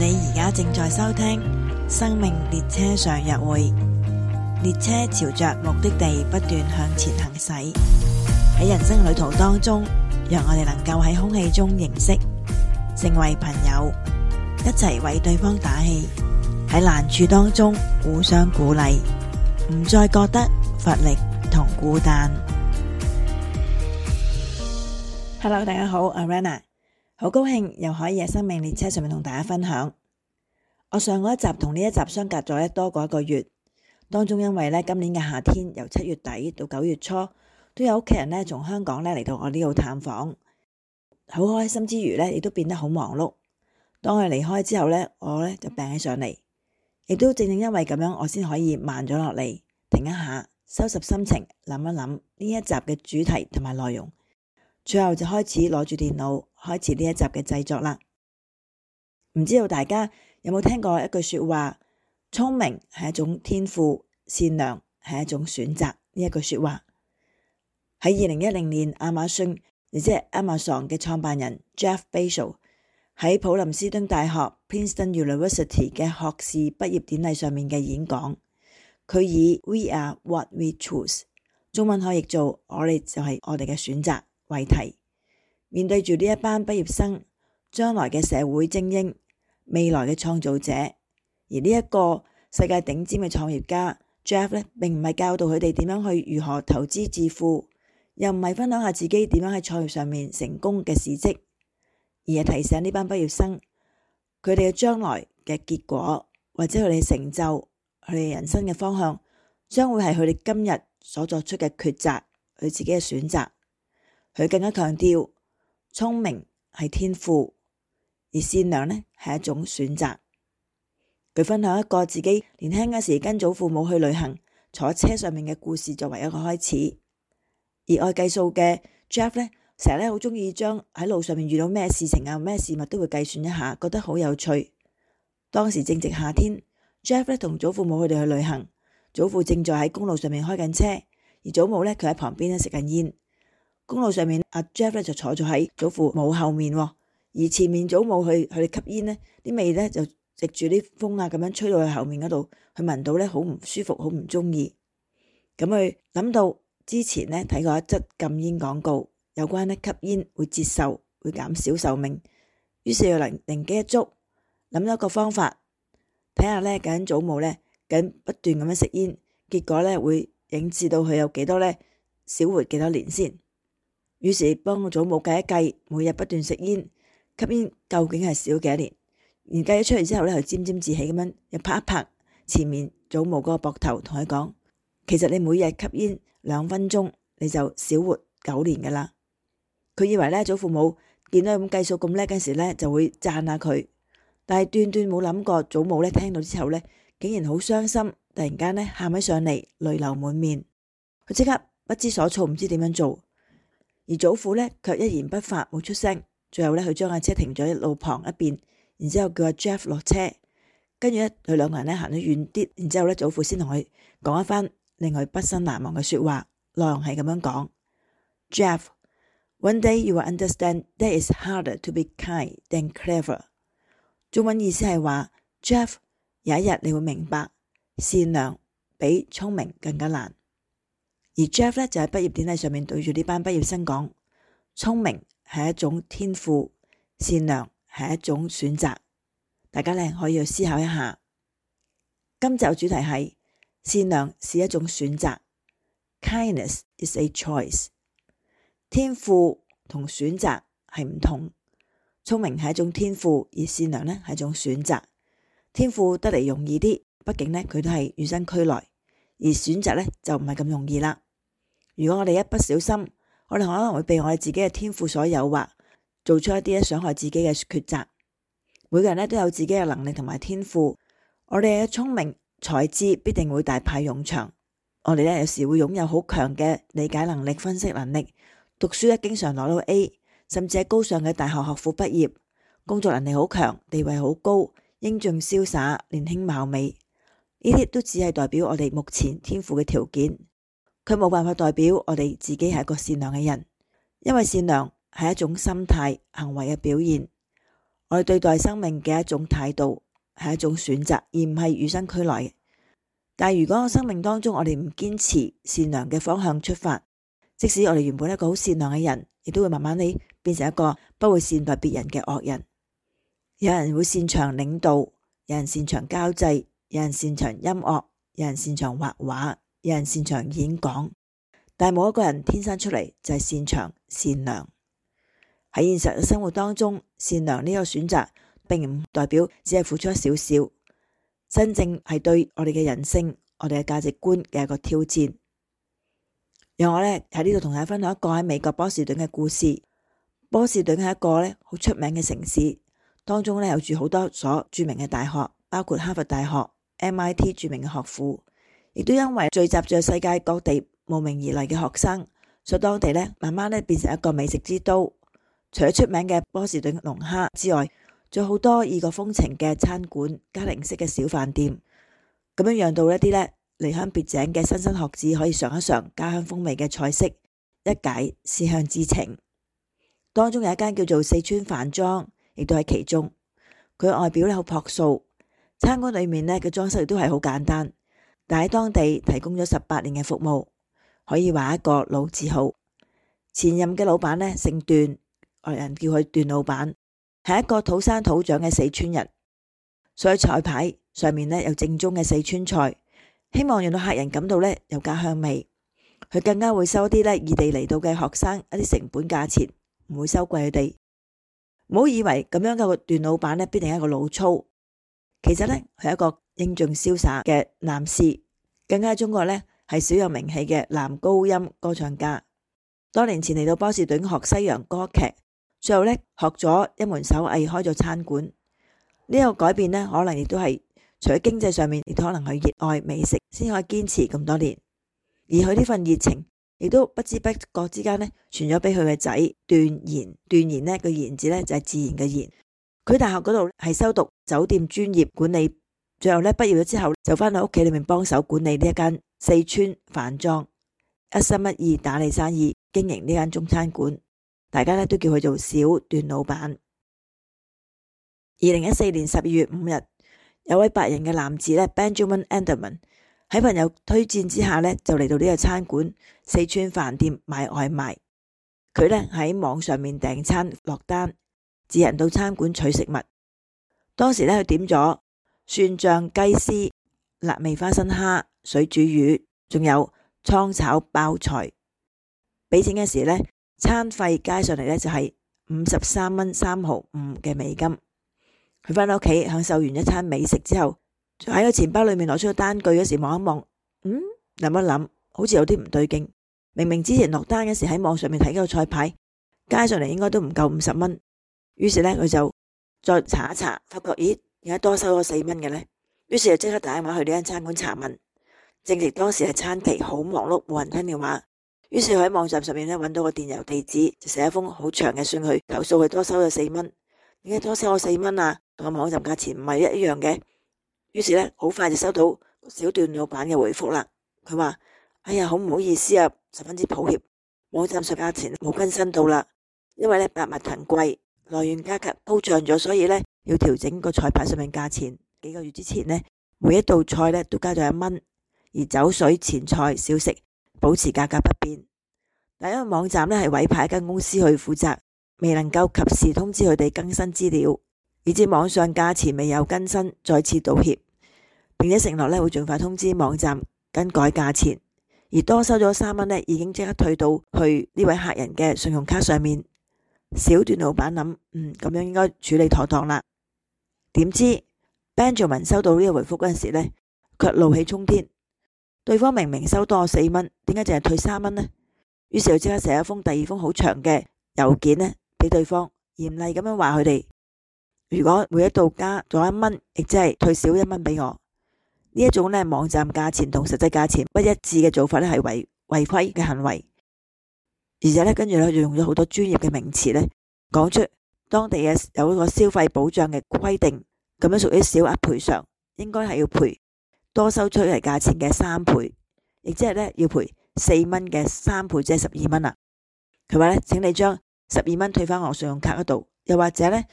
你而家正在收聽《生命列車上約會》，列車朝着目的地不斷向前行駛。喺人生旅途當中，讓我哋能夠喺空氣中認識，成為朋友，一齊為對方打氣。喺難處當中互相鼓勵，唔再覺得乏力同孤單。Hello，大家好，Rana。好高興又可以喺生命列車上面同大家分享。我上一集同呢一集相隔咗多過一個月，當中因為今年嘅夏天由七月底到九月初，都有屋企人呢從香港嚟到我呢度探訪，好開心之餘亦都變得好忙碌。當佢離開之後呢我呢就病起上嚟，亦都正正因為咁樣，我先可以慢咗落嚟，停一下，收拾心情，諗一諗呢一集嘅主題同埋內容。最後就開始攞住電腦開始呢一集嘅製作啦。唔知道大家有冇聽過一句說話，聰明係一種天賦，善良係一種選擇。呢一句說話喺二零一零年亞馬遜，亦即係 Amazon 嘅創辦人 Jeff Bezos 喺普林斯頓大學 （Princeton University） 嘅學士畢業典禮上面嘅演講。佢以 “We are what we choose”，中文可以做我哋就係我哋嘅選擇。為題，面對住呢一班畢業生，將來嘅社會精英，未來嘅創造者，而呢一個世界頂尖嘅創業家 Jeff 咧，並唔係教導佢哋點樣去如何投資致富，又唔係分享下自己點樣喺創業上面成功嘅事迹，而係提醒呢班畢業生，佢哋嘅將來嘅結果，或者佢哋嘅成就，佢哋人生嘅方向，將會係佢哋今日所作出嘅抉擇，佢自己嘅選擇。佢更加強調，聰明係天賦，而善良呢係一種選擇。佢分享一個自己年輕嘅時跟祖父母去旅行，坐車上面嘅故事作為一個開始。熱愛計數嘅 Jeff 呢，成日呢好鍾意將喺路上面遇到咩事情啊、咩事物都會計算一下，覺得好有趣。當時正值夏天，Jeff 呢同祖父母佢哋去旅行，祖父正在喺公路上面開緊車，而祖母呢，佢喺旁邊呢食緊煙。公路上面，阿 Jeff 咧，就坐咗喺祖父母後面，而前面祖母去佢吸煙呢，啲味呢就藉住啲風啊咁樣吹到去後面嗰度，佢聞到呢好唔舒服，好唔中意。咁佢諗到之前呢睇過一則禁煙廣告，有關呢吸煙會折壽，會減少壽命。於是又能靈機一觸，諗咗一個方法，睇下咧咁祖母呢，咁不斷咁樣食煙，結果呢會影致到佢有幾多呢？少活幾多年先。於是幫祖母計一計，每日不斷食煙吸煙，吸煙究竟係少幾多年？而計咗出嚟之後咧，佢沾沾自喜咁樣，又拍一拍前面祖母個膊頭，同佢講：其實你每日吸煙兩分鐘，你就少活九年㗎喇。佢以為咧，祖父母見到佢咁計數咁叻，嗰時咧就會讚下佢，但係斷斷冇諗過祖母咧聽到之後咧，竟然好傷心，突然間咧喊起上嚟，淚流滿面。佢即刻不知所措，唔知點樣做。而祖父呢，卻一言不發，冇出聲。最後呢，佢將架車停咗喺路旁一邊，然之後叫阿 Jeff 落車，跟住呢，佢兩個人呢，行得遠啲，然之後咧，祖父先同佢講一番令佢畢生難忘嘅說話，內容係咁樣講：Jeff，one day you will understand that is harder to be kind than clever。中文意思係話，Jeff，有一日你會明白，善良比聰明更加難。而 Jeff 呢就喺畢業典禮上面對住呢班畢業生講：聰明係一種天賦，善良係一種選擇。大家呢，可以去思考一下。今集主題係善良是一種選擇，Kindness is a choice。天賦同選擇係唔同，聰明係一種天賦，而善良呢係一種選擇。天賦得嚟容易啲，畢竟呢，佢都係與生俱來，而選擇呢，就唔係咁容易啦。如果我哋一不小心，我哋可能會被我哋自己嘅天賦所誘惑，做出一啲傷害自己嘅抉擇。每個人咧都有自己嘅能力同埋天賦，我哋嘅聰明才智必定會大派用場。我哋咧有時會擁有好強嘅理解能力、分析能力，讀書咧經常攞到 A，甚至係高尚嘅大學學府畢業，工作能力好強，地位好高，英俊瀟灑、年輕貌美，呢啲都只係代表我哋目前天賦嘅條件。佢冇辦法代表我哋自己係一個善良嘅人，因為善良係一種心態行為嘅表現，我哋對待生命嘅一種態度，係一種選擇，而唔係與生俱來。但係如果我生命當中我哋唔堅持善良嘅方向出發，即使我哋原本一個好善良嘅人，亦都會慢慢地變成一個不會善待別人嘅惡人。有人會擅長領導，有人擅長交際，有人擅長音樂，有人擅長畫畫。有人擅長演講，但係冇一個人天生出嚟就係擅長善良。喺現實嘅生活當中，善良呢個選擇，並唔代表只係付出少少，真正係對我哋嘅人性、我哋嘅價值觀嘅一個挑戰。讓我呢，喺呢度同大家分享一個喺美國波士頓嘅故事。波士頓係一個呢好出名嘅城市，當中呢有住好多所著名嘅大學，包括哈佛大學、MIT 著名嘅學府。亦都因為聚集着世界各地慕名而來嘅學生，所以當地呢慢慢呢變成一個美食之都。除咗出名嘅波士頓龍蝦之外，仲有好多異國風情嘅餐館、家庭式嘅小飯店，咁樣讓到一啲呢離鄉別井嘅莘莘學子可以嘗一嘗家鄉風味嘅菜式，一解思鄉之情。當中有一間叫做四川飯莊，亦都係其中。佢外表呢好朴素，餐館裏面呢嘅裝修亦都係好簡單。但喺當地提供咗十八年嘅服務，可以話一個老字號。前任嘅老闆呢姓段，外人叫佢段老闆，係一個土生土長嘅四川人。所以菜牌上面呢有正宗嘅四川菜，希望令到客人感到呢有家鄉味。佢更加會收啲呢異地嚟到嘅學生一啲成本價錢，唔會收貴佢哋。唔好以為咁樣嘅段老闆呢必定係一個老粗，其實呢，佢係一個英俊瀟灑嘅男士，更加中國呢，係小有名氣嘅男高音歌唱家。多年前嚟到波士頓學西洋歌劇，最後呢學咗一門手藝，開咗餐館。呢、這個改變呢，可能亦都係除咗經濟上面，亦都可能係熱愛美食先可以堅持咁多年。而佢呢份熱情，亦都不知不覺之間呢傳咗俾佢嘅仔。段然，段然呢個然字呢，就係、是、自然嘅然。佢大學嗰度係修讀酒店專業管理。最後咧，畢業咗之後就返到屋企裏面幫手管理呢一間四川飯莊，一心一意打理生意，經營呢間中餐館。大家咧都叫佢做小段老闆。二零一四年十二月五日，有位白人嘅男子咧，Benjamin Edelman 喺朋友推薦之下呢，就嚟到呢個餐館四川飯店買外賣。佢呢喺網上面訂餐落單，自行到餐館取食物。當時咧，佢點咗。蒜醬雞絲、辣味花生蝦、水煮魚，仲有熗炒包菜。俾錢嘅時呢，餐費加上嚟呢就係五十三蚊三毫五嘅美金。佢返到屋企，享受完一餐美食之後，喺個錢包裏面攞出個單據嗰時望一望，嗯諗一諗，好似有啲唔對勁。明明之前落單嗰時喺網上面睇嗰個菜牌，加上嚟應該都唔夠五十蚊。於是呢，佢就再查一查，發覺咦～ 而家多收咗四蚊嘅呢，於是就即刻打電話去呢間餐館查問，正值當時係餐期，好忙碌，冇人聽電話。於是佢喺網站上面咧揾到個電郵地址，就寫一封好長嘅信去投訴佢多收咗四蚊。點解多收咗四蚊啊？同網站價錢唔係一樣嘅。於是呢，好快就收到小段老闆嘅回復啦。佢話：哎呀，好唔好意思啊，十分之抱歉，網站上價錢冇更新到啦，因為呢百物騰貴。來源價格高漲咗，所以呢，要調整個菜牌上面價錢。幾個月之前呢，每一道菜呢都加咗一蚊，而酒水、前菜、小食保持價格不變。但因為網站呢係委派一間公司去負責，未能夠及時通知佢哋更新資料，以至網上價錢未有更新，再次道歉，並且承諾呢會盡快通知網站更改價錢，而多收咗三蚊呢，已經即刻退到去呢位客人嘅信用卡上面。小段老闆諗，嗯，咁樣應該處理妥當啦。點知 Benjamin 收到呢個回覆嗰陣時咧，卻怒氣沖天。對方明明收多四蚊，點解淨係退三蚊呢？於是就即刻寫一封第二封好長嘅郵件咧，俾對方嚴厲咁樣話佢哋：如果每一度加咗一蚊，亦即係退少一蚊俾我呢一種咧，網站價錢同實際價錢不一致嘅做法咧，係違違規嘅行為。而且咧，跟住咧，就用咗好多專業嘅名詞咧，講出當地嘅有一個消費保障嘅規定，咁樣屬於小額賠償，應該係要賠多收出嚟價錢嘅三倍，亦即係咧要賠四蚊嘅三倍，即係十二蚊啦。佢話咧，請你將十二蚊退翻我信用卡嗰度，又或者咧，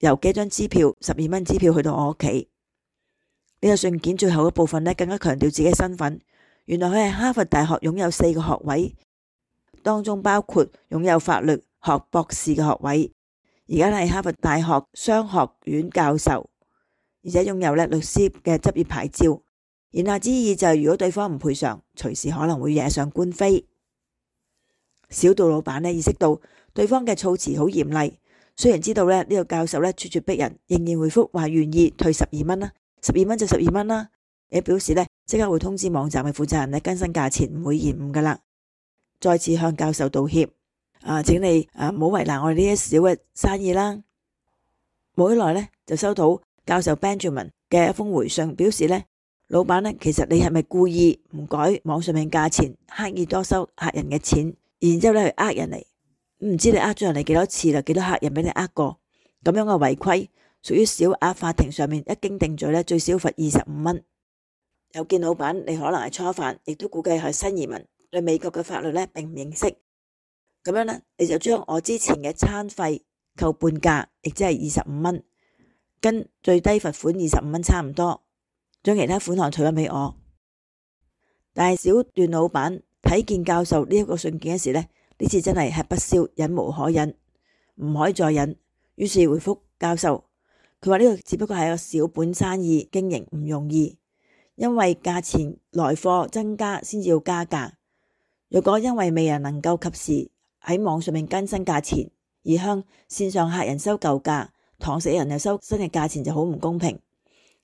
由幾張支票，十二蚊支票去到我屋企。呢、呢個信件最後嘅部分咧，更加強調自己嘅身份，原來佢係哈佛大學擁有四個學位。當中包括擁有法律學博士嘅學位，而家係哈佛大學商學院教授，而且擁有咧律師嘅執業牌照。言下之意就係如果對方唔賠償，隨時可能會惹上官非。小段老闆呢意識到對方嘅措辭好嚴厲，雖然知道咧呢個教授呢咄咄逼人，仍然回覆話願意退十二蚊啦，十二蚊就十二蚊啦，也表示呢即刻會通知網站嘅負責人呢更新價錢唔會延誤噶啦。再次向教授道歉。啊，請你啊唔好為難我哋呢啲小嘅生意啦。冇幾耐呢，就收到教授 Benjamin 嘅一封回信，表示呢，老闆呢，其實你係咪故意唔改網上面價錢，刻意多收客人嘅錢，然之後咧去呃人嚟？唔知你呃咗人嚟幾多次啦？幾多客人俾你呃過？咁樣嘅違規，屬於小額法庭上面一經定罪呢，最少罰二十五蚊。又見老闆，你可能係初犯，亦都估計係新移民。對美國嘅法律咧並唔認識，咁樣呢，你就將我之前嘅餐費扣半價，亦即係二十五蚊，跟最低罰款二十五蚊差唔多，將其他款項除咗畀我。但係小段老闆睇見教授呢一個信件嗰時咧，呢次真係吃不消，忍無可忍，唔可以再忍，於是回覆教授，佢話呢個只不過係一個小本生意經營唔容易，因為價錢來貨增加先至要加價。如果因為未人能夠及時喺網上面更新價錢，而向線上客人收舊價，堂食人又收新嘅價錢就好唔公平。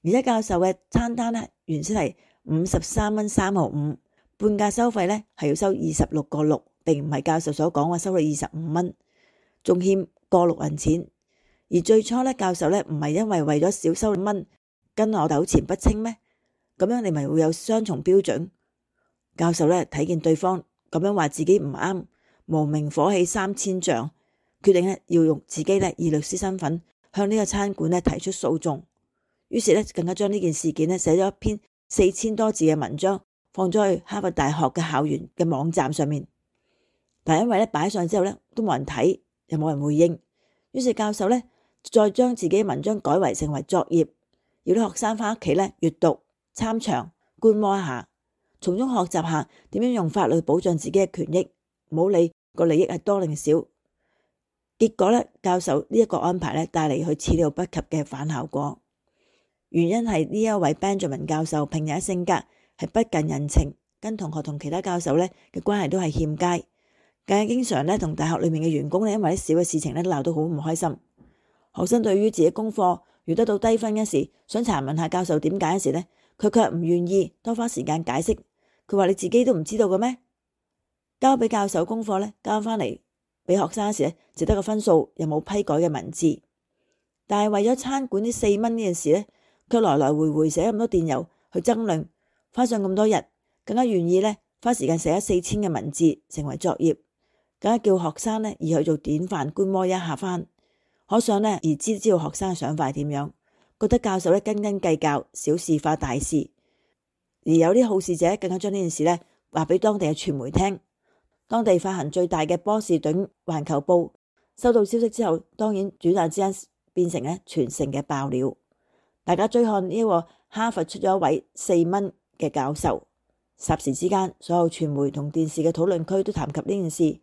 而且教授嘅餐單呢，原先係五十三蚊三毫五，半價收費呢係要收二十六個六，並唔係教授所講話收你二十五蚊，仲欠過六銀錢。而最初呢，教授呢唔係因為為咗少收兩蚊跟我糾纏不清咩？咁樣你咪會有雙重標準。教授呢睇見對方。咁樣話自己唔啱，無名火起三千丈，決定咧要用自己咧以律師身份向呢個餐館咧提出訴訟。於是咧更加將呢件事件咧寫咗一篇四千多字嘅文章，放咗去哈佛大學嘅校園嘅網站上面。但因為咧擺上之後咧都冇人睇，又冇人回應，於是教授咧再將自己文章改為成為作業，要啲學生翻屋企咧閱讀、讀、參詳、觀摩一下。從中學習下點樣用法律保障自己嘅權益，冇理個利益係多定少。結果呢，教授呢一個安排咧帶嚟佢始料不及嘅反效果。原因係呢一位 Benjamin 教授平日性格係不近人情，跟同學同其他教授呢嘅關係都係欠佳，但更經常呢同大學裏面嘅員工呢，因為啲小嘅事情呢鬧到好唔開心。學生對於自己功課遇得到低分嗰時，想查問下教授點解嗰時呢，佢卻唔願意多花時間解釋。佢話：你自己都唔知道嘅咩？交俾教授功課呢，交翻嚟俾學生時咧，只得個分數，又冇批改嘅文字。但係為咗餐館呢四蚊呢件事呢，佢來來回回寫咁多電郵去爭論，花上咁多日，更加願意呢，花時間寫咗四千嘅文字成為作業，更加叫學生呢而去做典範觀摩一下翻。可想呢，而知知道學生嘅想法係點樣，覺得教授呢，斤斤計較，小事化大事。而有啲好事者更加將呢件事咧話俾當地嘅傳媒聽，當地發行最大嘅《波士頓環球報》收到消息之後，當然轉眼之間變成咧全城嘅爆料。大家追看呢個哈佛出咗一位四蚊嘅教授，霎時之間，所有傳媒同電視嘅討論區都談及呢件事。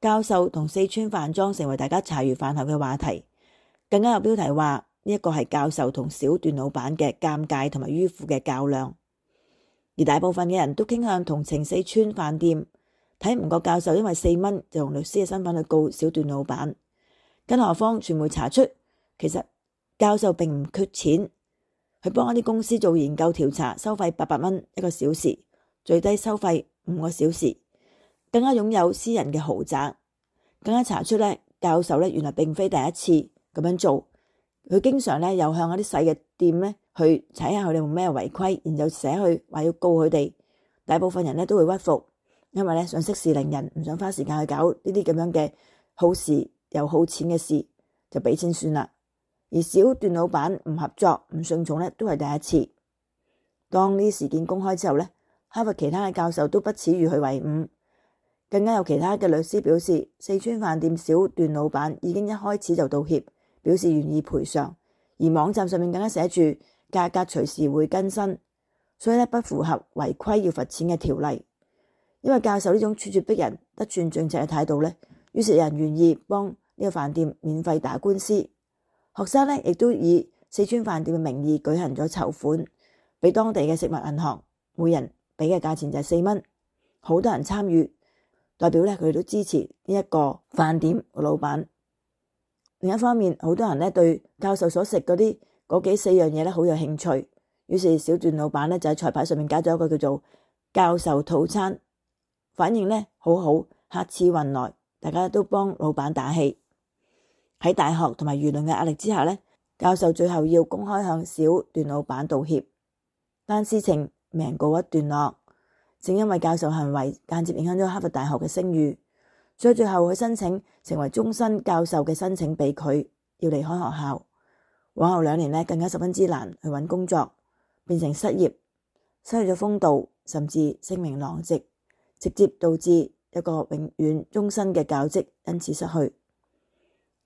教授同四川飯莊成為大家茶餘飯後嘅話題，更加有標題話呢一個係教授同小段老闆嘅尷尬同埋迂腐嘅較量。而大部分嘅人都傾向同情四川飯店，睇唔過教授，因為四蚊就用律師嘅身份去告小段老闆。更何況傳媒查出，其實教授並唔缺錢，佢幫一啲公司做研究調查，收費八百蚊一個小時，最低收費五個小時，更加擁有私人嘅豪宅。更加查出咧，教授咧原來並非第一次咁樣做，佢經常咧又向一啲細嘅店咧。去睇下佢哋有咩違規，然後寫去話要告佢哋，大部分人呢都會屈服，因為呢想息事寧人，唔想花時間去搞呢啲咁樣嘅耗時又耗錢嘅事，就俾錢算啦。而小段老闆唔合作、唔順從呢，都係第一次。當呢事件公開之後呢，哈佛其他嘅教授都不恥與佢為伍，更加有其他嘅律師表示，四川飯店小段老闆已經一開始就道歉，表示願意賠償，而網站上面更加寫住。價格隨時會更新，所以咧，不符合違規要罰錢嘅條例。因為教授呢種咄咄逼人、得寸進尺嘅態度咧，於是有人願意幫呢個飯店免費打官司。學生咧亦都以四川飯店嘅名義舉行咗籌款，俾當地嘅食物銀行，每人俾嘅價錢就係四蚊，好多人參與，代表咧佢哋都支持呢一個飯店嘅老闆。另一方面，好多人咧對教授所食嗰啲。嗰幾四樣嘢咧，好有興趣。於是小段老闆咧就喺菜牌上面加咗一個叫做教授套餐，反應呢好好，客似雲來，大家都幫老闆打氣。喺大學同埋輿論嘅壓力之下呢，教授最後要公開向小段老闆道歉，但事情名告一段落。正因為教授行為間接影響咗哈佛大學嘅聲譽，所以最後佢申請成為終身教授嘅申請被拒，要離開學校。往後兩年更加十分之難去揾工作，變成失業，失去咗風度，甚至聲名狼藉，直接導致一個永遠終身嘅教職因此失去。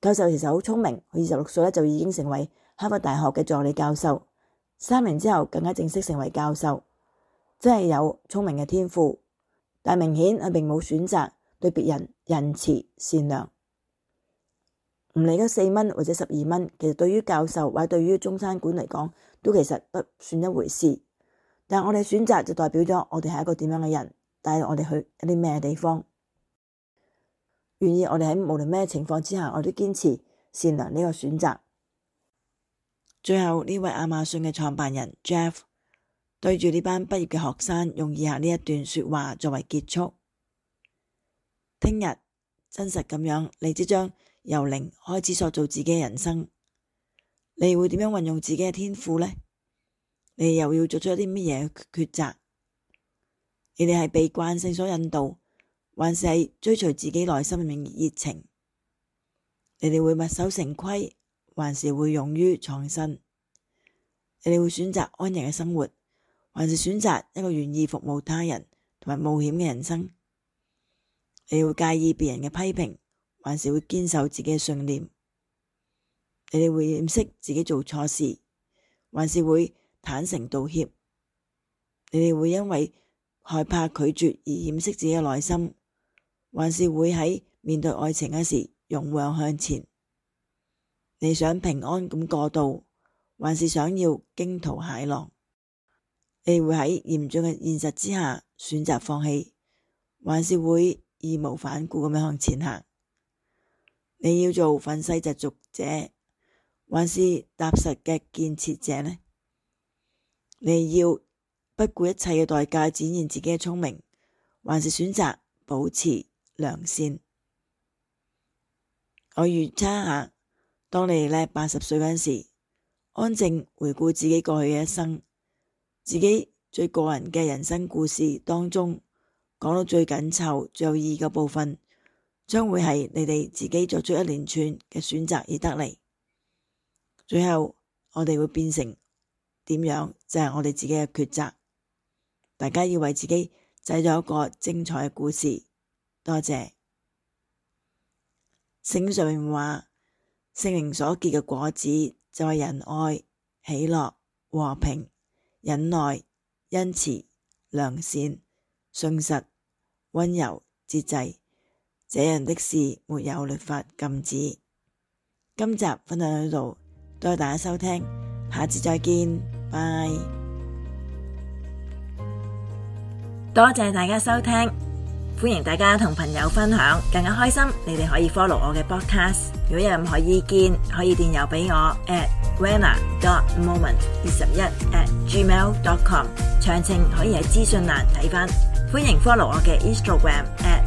教授其實好聰明，佢二十六歲就已經成為哈佛大學嘅助理教授，三年之後更加正式成為教授，真係有聰明嘅天賦。但明顯佢並冇選擇對別人仁慈善良。唔理嗰四蚊或者十二蚊，其實對於教授或者對於中餐館嚟講，都其實不算一回事。但我哋選擇就代表咗我哋係一個點樣嘅人，帶我哋去一啲咩地方。願意我哋喺無論咩情況之下，我都堅持善良呢個選擇。最後呢位亞馬遜嘅創辦人 Jeff 對住呢班畢業嘅學生，用以下呢一段説話作為結束：聽日真實咁樣，你即將，由零開始塑造自己嘅人生，你會點樣運用自己嘅天賦呢？你又要做出一啲乜嘢抉擇？你哋係被慣性所引導，還是追隨自己內心嘅熱情？你哋會墨守成規，還是會勇於創新？你哋會選擇安逸嘅生活，還是選擇一個願意服務他人同埋冒險嘅人生？你會介意別人嘅批評？還是會堅守自己嘅信念？你哋會掩飾自己做錯事，還是會坦誠道歉？你哋會因為害怕拒絕而掩飾自己嘅內心，還是會喺面對愛情嘅時勇往向前？你想平安咁過渡，還是想要驚濤駭浪？你會喺嚴峻嘅現實之下選擇放棄，還是會義無反顧咁樣向前行？你要做憤世嫉俗者，還是踏實嘅建設者呢？你要不顧一切嘅代價展現自己嘅聰明，還是選擇保持良善？我預測下，當你喺八十歲嗰陣時，安靜回顧自己過去嘅一生，自己最個人嘅人生故事當中，講到最緊湊、最有意義嘅部分。將會係你哋自己作出一連串嘅選擇而得嚟。最後我哋會變成點樣，就係我哋自己嘅抉擇。大家要為自己製作一個精彩嘅故事。多謝聖經上面話：聖靈所結嘅果子就係仁愛、喜樂、和平、忍耐、恩慈、良善、信實、溫柔、節制。這樣的事沒有律法禁止。今集分享到呢度，多謝大家收聽，下次再見，拜。多謝大家收聽，歡迎大家同朋友分享，更加開心。你哋可以 follow 我嘅 podcast，如果有任何意見，可以電郵俾我 at wenna dot moment 二十一 at gmail dot com，詳情可以喺資訊欄睇返。歡迎 follow 我嘅 Instagram